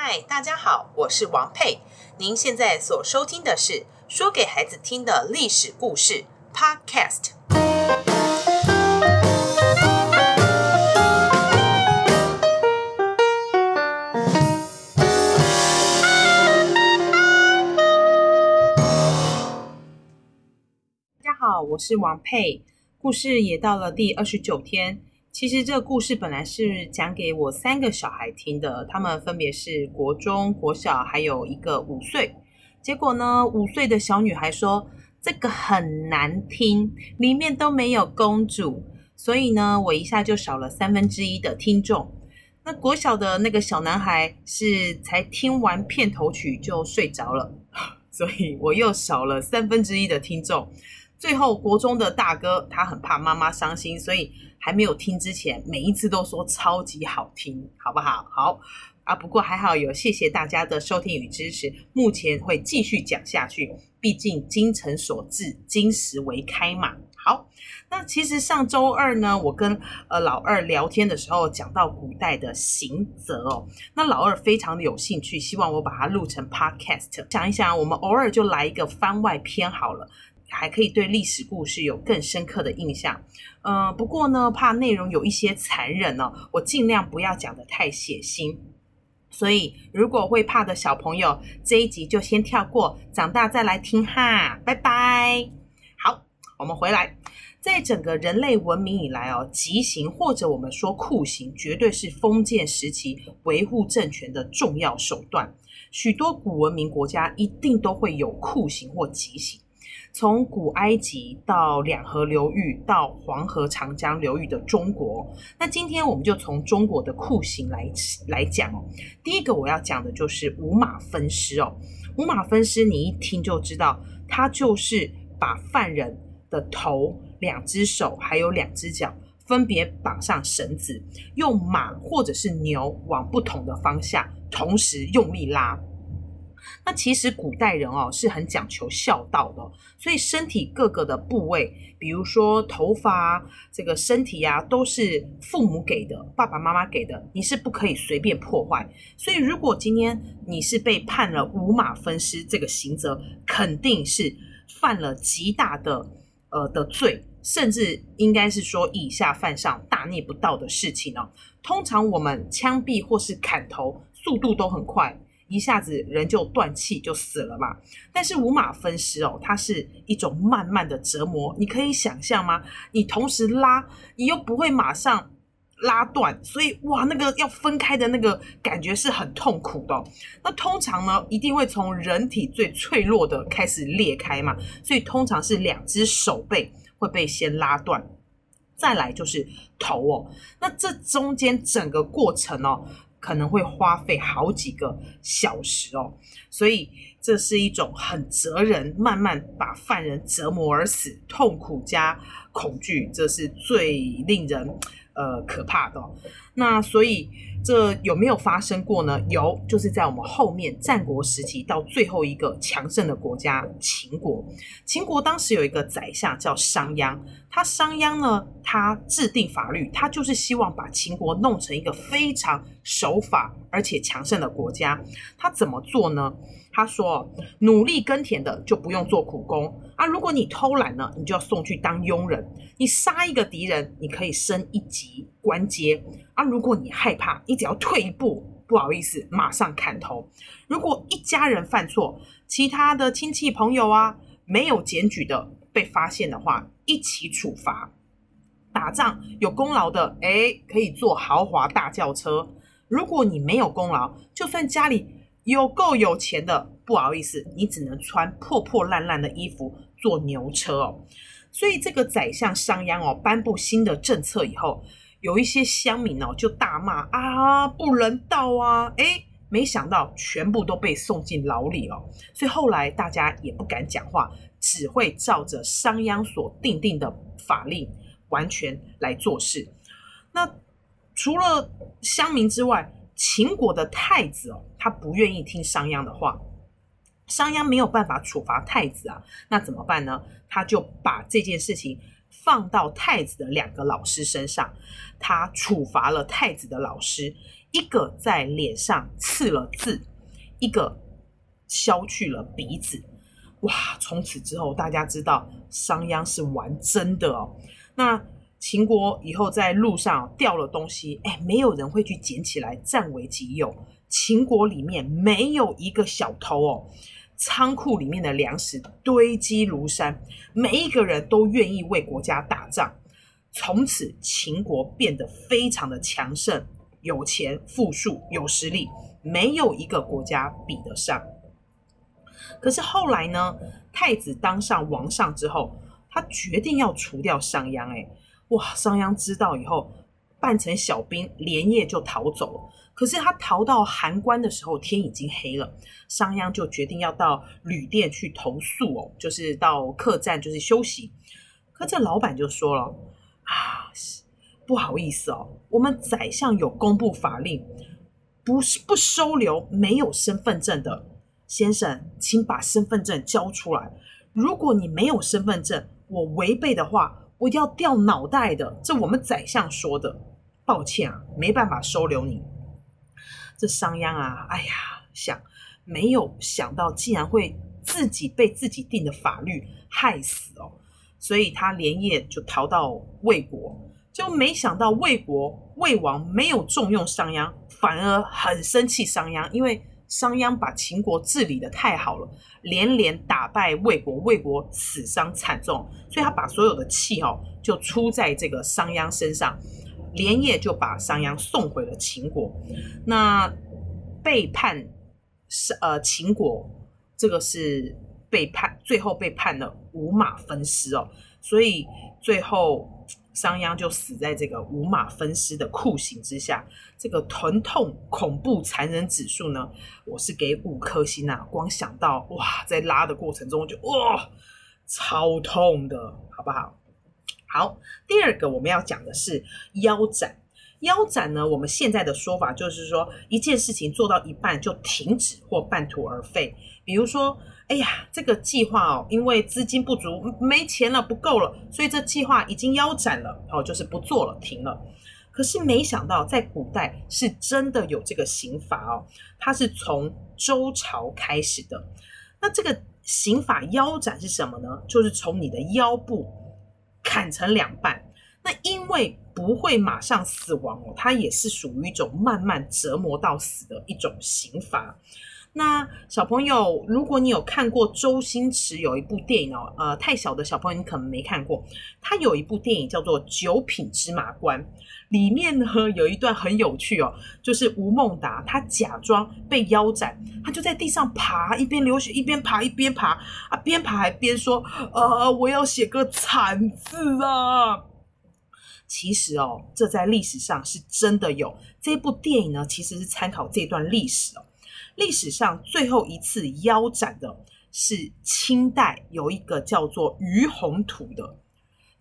嗨，Hi, 大家好，我是王珮。您現在所收聽的是《說給孩子聽的歷史故事》Podcast。大家好，我是王珮，故事也到了第二十九天。其實這個故事本來是講給我三個小孩聽的，他們分別是國中、國小，還有一個五歲。結果呢，五歲的小女孩說這個很難聽，裡面都沒有公主，所以呢，我一下就少了三分之一的聽眾。那國小的那個小男孩是才聽完片頭曲就睡着了，所以我又少了三分之一的聽眾。最後，國中的大哥他很怕媽媽傷心，所以還沒有聽之前，每一次都說超級好聽，好不好？好啊，不過還好有謝謝大家的收聽與支持，目前會繼續講下去，畢竟精誠所至，金石為開嘛。好，那其實上周二呢，我跟呃老二聊天的時候，講到古代的刑責哦，那老二非常的有興趣，希望我把它錄成 podcast，想一想，我們偶爾就來一個番外篇好了。還可以對歷史故事有更深刻的印象。嗯、呃，不過呢，怕內容有一些殘忍哦，我盡量不要講得太血腥。所以，如果會怕的小朋友，這一集就先跳過，長大再來聽哈，拜拜。好，我們回來，在整個人類文明以來哦，極刑或者我們說酷刑，絕對是封建時期維護政權的重要手段。許多古文明國家一定都會有酷刑或極刑。從古埃及到兩河流域，到黃河、長江流域的中國，那今天我們就從中國的酷刑來來講哦。第一個我要講的就是五馬分屍哦。五馬分屍，你一聽就知道，它就是把犯人的頭、兩隻手還有兩隻腳分別綁上繩子，用馬或者是牛往不同的方向同時用力拉。那其實古代人哦是很講求孝道的，所以身體各個的部位，比如說頭髮啊，這個身體呀，都是父母給的，爸爸媽媽給的，你是不可以隨便破壞。所以如果今天你是被判了五馬分屍這個刑責，肯定是犯了極大的呃的罪，甚至應該是說以下犯上、大逆不道的事情哦。通常我們槍斃或是砍頭速度都很快。一下子人就斷氣就死了嘛，但是五馬分屍哦，它是一種慢慢的折磨，你可以想象嗎？你同時拉，你又不會馬上拉斷，所以哇，那個要分開的那個感覺是很痛苦的哦。那通常呢，一定會從人體最脆弱的開始裂開嘛，所以通常是兩隻手背會被先拉斷，再來就是頭哦。那這中間整個過程哦。可能會花費好幾個小時哦，所以這是一種很折磨人，慢慢把犯人折磨而死，痛苦加恐懼，這是最令人。呃，可怕的哦。那所以這有沒有發生過呢？有，就是在我們後面戰國時期，到最後一個強盛的國家秦國。秦國當時有一個宰相叫商鞅，他商鞅呢，他制定法律，他就是希望把秦國弄成一個非常守法而且強盛的國家。他怎麼做呢？他說，努力耕田的就不用做苦工。啊，如果你偷懶了，你就要送去當傭人。你殺一個敵人，你可以升一級官階。啊，如果你害怕，你只要退一步，不好意思，馬上砍頭。如果一家人犯錯，其他的親戚朋友啊，沒有檢舉的被發現的話，一起處罰。打仗有功勞的，誒，可以坐豪華大轎車。如果你沒有功勞，就算家裡有夠有錢的，不好意思，你只能穿破破爛爛的衣服。坐牛車哦，所以這個宰相商鞅哦，頒布新的政策以後，有一些鄉民哦就大罵啊，不人道啊。誒，沒想到全部都被送進牢裡了哦。所以後來大家也不敢講話，只會照着商鞅所定定的法令完全來做事。那除了鄉民之外，秦國的太子哦，他不願意聽商鞅的話。商鞅沒有辦法處罰太子啊，那怎麼辦呢？他就把這件事情放到太子的兩個老師身上，他處罰了太子的老師，一個在臉上刺了字，一個削去了鼻子。哇！從此之後，大家知道商鞅是玩真的哦。那秦國以後在路上掉了東西，哎，沒有人會去撿起來佔為己有。秦國裡面沒有一個小偷哦。倉庫裡面的糧食堆積如山，每一個人都願意為國家打仗。從此，秦國變得非常的強盛，有錢、富庶、有實力，沒有一個國家比得上。可是後來呢？太子當上王上之後，他決定要除掉商鞅。哎，哇！商鞅知道以後，扮成小兵，連夜就逃走可是他逃到函關的時候，天已經黑了。商鞅就決定要到旅店去投宿哦，就是到客棧，就是休息。可這老板就說了：“啊，不好意思哦，我們宰相有公布法令，不是不收留沒有身份證的。先生，請把身份證交出來。如果你沒有身份證，我違背的話，我要掉腦袋的。這我們宰相說的。抱歉啊，沒辦法收留你。”這商鞅啊，哎呀，想沒有想到，竟然會自己被自己定的法律害死哦，所以他連夜就逃到魏國，就沒想到魏國魏王沒有重用商鞅，反而很生氣商鞅，因為商鞅把秦國治理得太好了，連連打敗魏國，魏國死傷慘重，所以他把所有的氣哦，就出在這個商鞅身上。連夜就把商鞅送回了秦國。那被判是呃秦國，這個是被判，最後被判了五馬分屍哦。所以最後商鞅就死在這個五馬分屍的酷刑之下。這個疼痛恐怖殘忍指數呢，我是給五顆星啊。光想到哇，在拉的過程中就哇超痛的好不好？好，第二個我們要講的是腰斬。腰斬呢，我們現在的說法就是說，一件事情做到一半就停止或半途而廢。比如說，哎呀，這個計劃哦，因為資金不足，沒錢了不夠了，所以這計劃已經腰斬了，哦，就是不做了，停了。可是沒想到，在古代是真的有這個刑罰哦，它是從周朝開始的。那這個刑法腰斬是什麼呢？就是從你的腰部。砍成兩半，那因為不會馬上死亡哦，它也是屬於一種慢慢折磨到死的一種刑罰。那小朋友，如果你有看過周星馳有一部電影哦，呃，太小的小朋友你可能沒看過，他有一部電影叫做《九品芝麻官》，裡面呢有一段很有趣哦，就是吳孟達他假裝被腰斬，他就在地上爬，一邊流血一邊爬，一邊爬啊，邊爬還邊說：“呃，我要寫個慘字啊。”其實哦，這在歷史上是真的有，這部電影呢其實是參考這段歷史哦。歷史上最後一次腰斬的是清代有一個叫做俞鴻圖的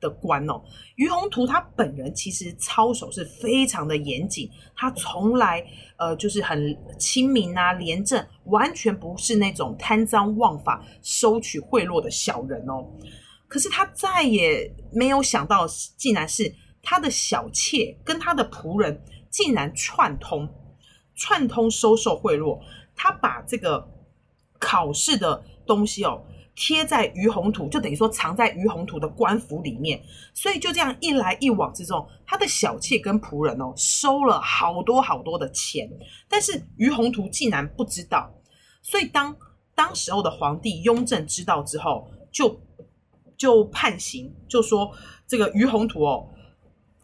的官哦、喔，俞鴻圖他本人其實操守是非常的嚴謹，他從來呃就是很清明啊廉政，完全不是那種貪贓枉法、收取賄賂的小人哦、喔。可是他再也沒有想到，竟然是他的小妾跟他的僕人竟然串通，串通收受賄賂。他把這個考試的東西哦貼在俞鴻圖，就等於說藏在俞鴻圖的官服裡面，所以就這樣一來一往之中，他的小妾跟僕人哦收了好多好多的錢，但是俞鴻圖竟然不知道。所以當當時候的皇帝雍正知道之後，就就判刑，就說這個俞鴻圖哦，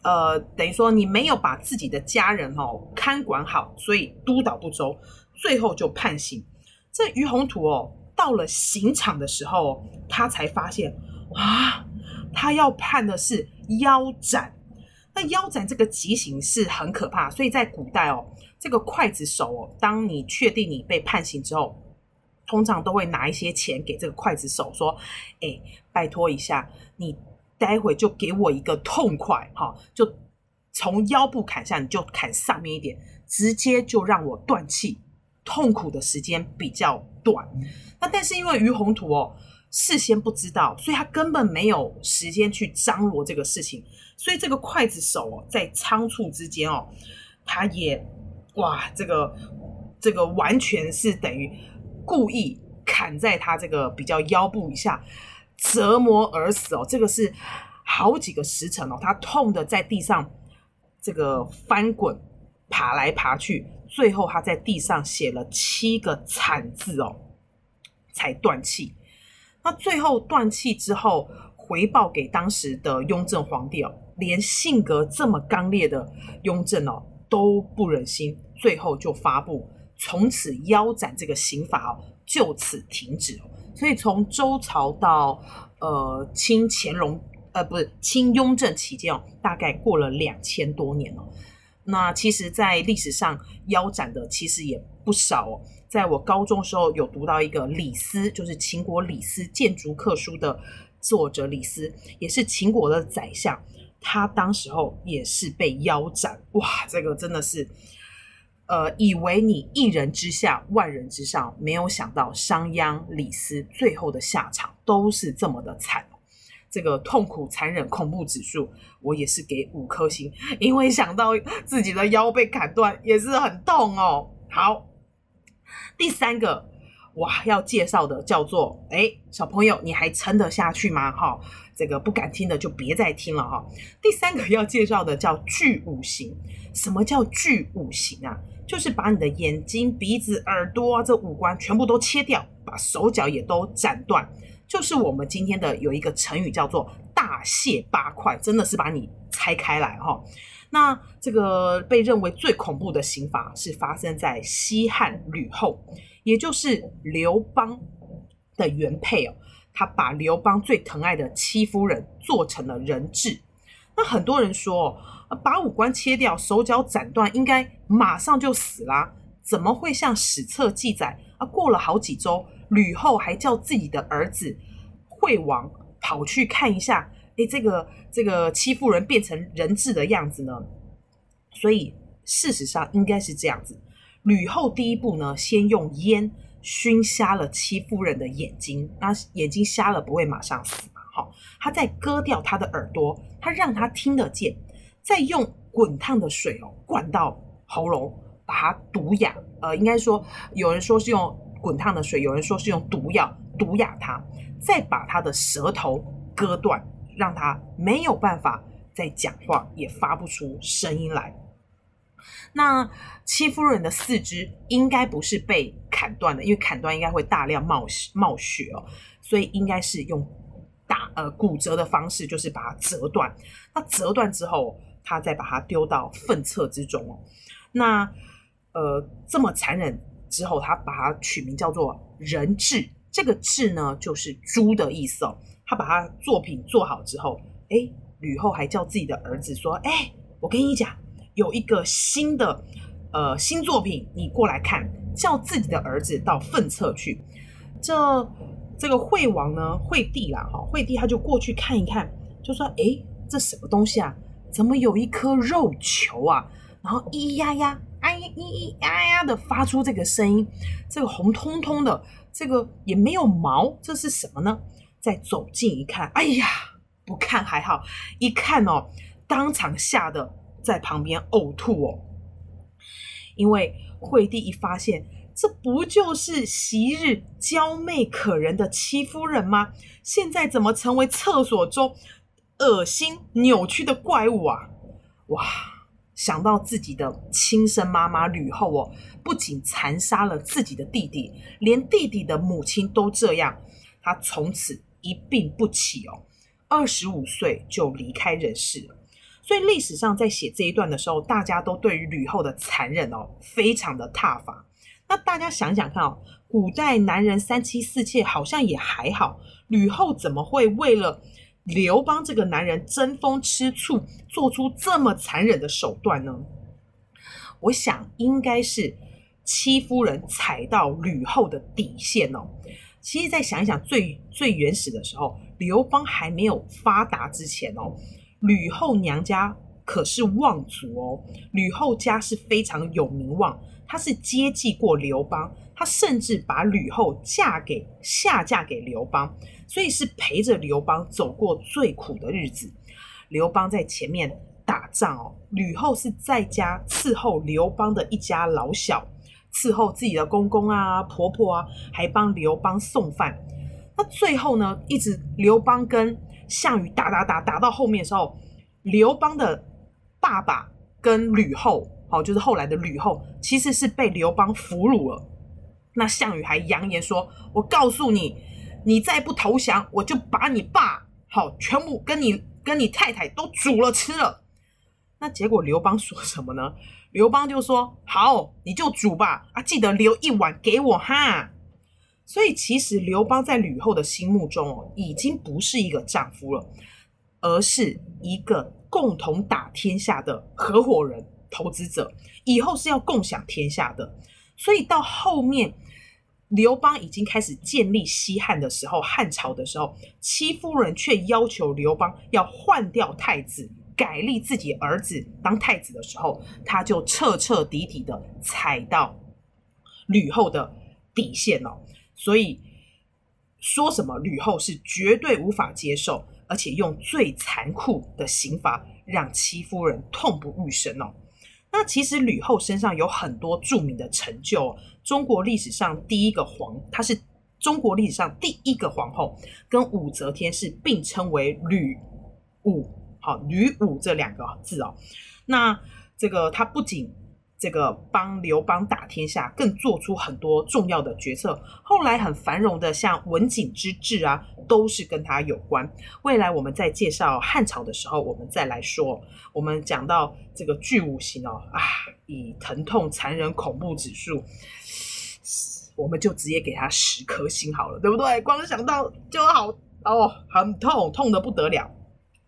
呃，等於說你沒有把自己的家人哦看管好，所以督導不周。最後就判刑。這俞鴻圖哦，到了刑場的時候，哦，他才發現，啊，他要判的是腰斬。那腰斬這個極刑是很可怕，所以在古代哦，這個劊子手哦，當你確定你被判刑之後，通常都會拿一些錢給這個劊子手說：“誒、哎、拜託一下，你待會就給我一個痛快，哈、哦，就從腰部砍下，你就砍上面一點，直接就讓我斷氣。”痛苦的時間比較短。那但是因為俞鴻圖哦，事先不知道，所以他根本沒有時間去張羅這個事情，所以這個劊子手哦，在倉促之間哦，他也哇這個這個完全是等於故意砍在他這個比較腰部以下，折磨而死哦，這個是好幾個時辰哦，他痛得在地上這個翻滾。爬來爬去，最後他在地上寫了七個慘字哦，才斷氣。那最後斷氣之後，回報給當時的雍正皇帝哦，連性格這麼剛烈的雍正哦，都不忍心，最後就發布，從此腰斬這個刑法哦，就此停止哦。所以從周朝到呃，清乾隆，呃，不是，清雍正期間哦，大概過了兩千多年哦。那其實，在歷史上腰斬的其實也不少哦。在我高中時候有讀到一個李斯，就是秦國李斯《諫逐客書》的作者李斯，也是秦國的宰相，他當時候也是被腰斬。哇，這個真的是，呃，以為你一人之下，萬人之上，沒有想到商鞅、李斯最後的下場都是這麼的慘。這個痛苦、殘忍、恐怖指數，我也是給五顆星，因為想到自己的腰被砍斷也是很痛哦。好，第三個哇要介紹的叫做，誒，小朋友你還撐得下去嗎？哈，這個不敢聽的就別再聽了哈。第三個要介紹的叫俱五刑，什麼叫俱五刑啊？就是把你的眼睛、鼻子、耳朵、啊、這五官全部都切掉，把手腳也都斬斷。就是我們今天的有一個成語叫做“大卸八塊”，真的是把你拆開來哈、哦。那這個被認為最恐怖的刑罰是發生在西漢呂後，也就是劉邦的原配哦。他把劉邦最疼愛的戚夫人做成了人彘。那很多人說、哦，把五官切掉、手腳斬斷，應該馬上就死啦，怎麼會像史冊記載啊？過了好幾周。呂後還叫自己的兒子惠王跑去看一下，哎，這個這個戚夫人變成人彘的樣子呢。所以事實上應該是這樣子，呂後第一步呢，先用煙熏瞎了戚夫人的眼睛，那眼睛瞎了不會馬上死嘛，哈，她再割掉她的耳朵，她讓她聽得見，再用滾燙的水哦灌到喉嚨，把她毒啞。呃，應該說有人說是用。滾燙的水，有人說是用毒藥毒啞他，再把他的舌頭割斷，讓他沒有辦法再講話，也發不出聲音來。那戚夫人的四肢應該不是被砍斷的，因為砍斷應該會大量冒冒血哦，所以應該是用打呃骨折的方式，就是把它折斷。那折斷之後，他再把它丟到糞廁之中哦。那呃這麼殘忍。之後，他把它取名叫做“人彘”，這個“彘”呢就是豬的意思哦。他把他作品做好之後，哎，呂後還叫自己的兒子說：“哎，我跟你講，有一個新的呃新作品，你過來看。”叫自己的兒子到糞廁去。這這個惠王呢，惠帝啦，哈、哦，惠帝他就過去看一看，就說：“哎，這什麼東西啊？怎麼有一顆肉球啊？”然後咿咿呀呀。哎呀咿咿呀呀的發出這個聲音，這個紅彤彤的，這個也沒有毛，這是什麼呢？再走近一看，哎呀，不看還好，一看哦，當場嚇得在旁邊嘔吐哦。因為惠帝一發現，這不就是昔日嬌媚可人的戚夫人嗎？現在怎麼成為廁所中惡心扭曲的怪物啊？哇！想到自己的親生媽媽呂後哦，不僅殘殺了自己的弟弟，連弟弟的母親都這樣，他從此一病不起哦，二十五歲就離開人世了。所以歷史上在寫這一段的時候，大家都對於呂後的殘忍哦，非常的撻伐。那大家想想看哦，古代男人三妻四妾好像也還好，呂後怎麼會為了？劉邦這個男人爭風吃醋，做出這麼殘忍的手段呢？我想應該是戚夫人踩到呂後的底線哦。其實再想一想最、最最原始的時候，劉邦還沒有發達之前哦，呂後娘家可是望族哦，呂後家是非常有名望，她是接濟過劉邦，她甚至把呂後嫁給下嫁給劉邦。所以是陪着劉邦走過最苦的日子。劉邦在前面打仗哦，呂後是在家伺候劉邦的一家老小，伺候自己的公公啊、婆婆啊，還幫劉邦送飯。那最後呢，一直劉邦跟項羽打打打打打到後面的時候，劉邦的爸爸跟呂後，好，就是後來的呂後，其實是被劉邦俘虜了。那項羽還揚言說：“我告訴你。”你再不投降，我就把你爸好全部跟你跟你太太都煮了吃了。那結果劉邦說什麼呢？劉邦就說：“好，你就煮吧，啊，記得留一碗給我哈。”所以其實劉邦在呂後的心目中哦，已經不是一個丈夫了，而是一個共同打天下的合夥人、投資者，以後是要共享天下的。所以到後面，劉邦已經開始建立西漢的時候，漢朝的時候，戚夫人卻要求劉邦要換掉太子，改立自己兒子當太子的時候，他就徹徹底底的踩到呂後的底線了哦。所以說什麼呂後是絕對無法接受，而且用最殘酷的刑罰讓戚夫人痛不欲生哦。那其實呂後身上有很多著名的成就哦，中國歷史上第一個皇，她是中國歷史上第一個皇後，跟武則天是並稱為“呂武”，好，哦，“呂武”這兩個字哦。那這個她不僅這個幫劉邦打天下，更做出很多重要的決策。後來很繁榮的，像文景之治啊，都是跟他有關。未來我們在介紹漢朝的時候，我們再來說。我們講到這個俱五刑哦啊，以疼痛、殘忍、恐怖指數，我們就直接給他十顆星好了，對不對？光想到就好哦，很痛，痛得不得了。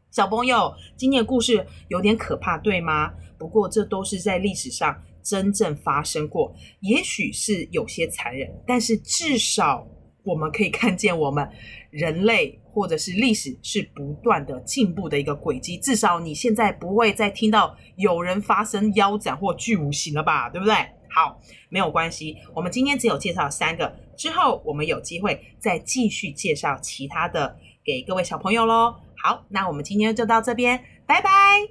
小朋友，今天的故事有點可怕，對嗎？不過，這都是在歷史上真正發生過，也許是有些殘忍，但是至少我們可以看見我們人類或者是歷史是不斷的進步的一個軌跡。至少你現在不會再聽到有人發生腰斬或俱五刑了吧，對不對？好，沒有關係，我們今天只有介紹三個，之後我們有機會再繼續介紹其他的給各位小朋友嘍。好，那我們今天就到這邊，拜拜。